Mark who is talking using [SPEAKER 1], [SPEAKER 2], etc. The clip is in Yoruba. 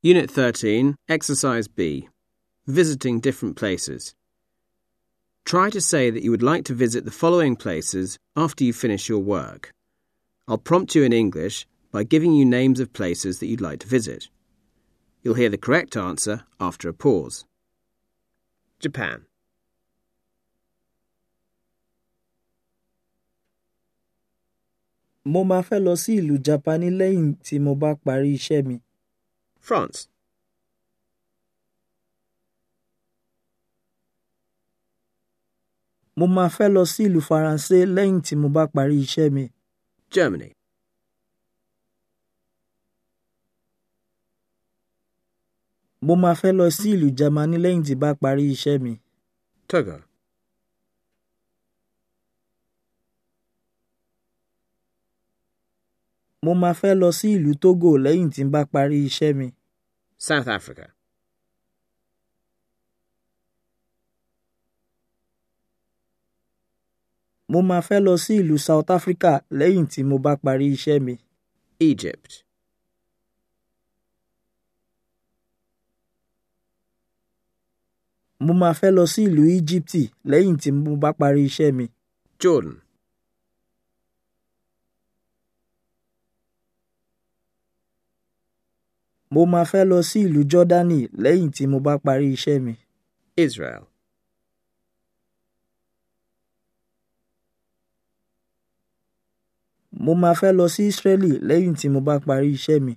[SPEAKER 1] Unit 13, Exercise B Visiting Different Places. Try to say that you would like to visit the following places after you finish your work. I'll prompt you in English by giving you names of places that you'd like to visit. You'll hear the correct answer after a pause. Japan.
[SPEAKER 2] Mo máa fẹ́ lọ sí ìlú Japan lẹ́yìn tí mo bá parí iṣẹ́ mi. France Mo máa fẹ́ lọ sí ìlú Faransé lẹ́yìn tí mo bá parí iṣẹ́ mi. Germany. Mo máa fẹ́ lọ sí ìlú Jámánì lẹ́yìn tí bá parí iṣẹ́ mi. Togo. Mo máa fẹ́ lọ sí ìlú Togo lẹ́yìn tí n bá parí iṣẹ́ mi.
[SPEAKER 1] South Africa.
[SPEAKER 2] Mo máa fẹ́ lọ sí ìlú South Africa lẹ́yìn tí mo bá parí iṣẹ́ mi. Egypt. Mo máa fẹ́ lọ sí ìlú Íjíbítì lẹ́yìn tí mo bá parí iṣẹ́ mi. Jordan. Mo máa fẹ́ lọ sí ìlú Jọ́dánì lẹ́yìn tí mo bá parí iṣẹ́ mi. Israel Mo máa fẹ́ lọ sí Ísírẹ́lì lẹ́yìn tí mo bá parí iṣẹ́ mi.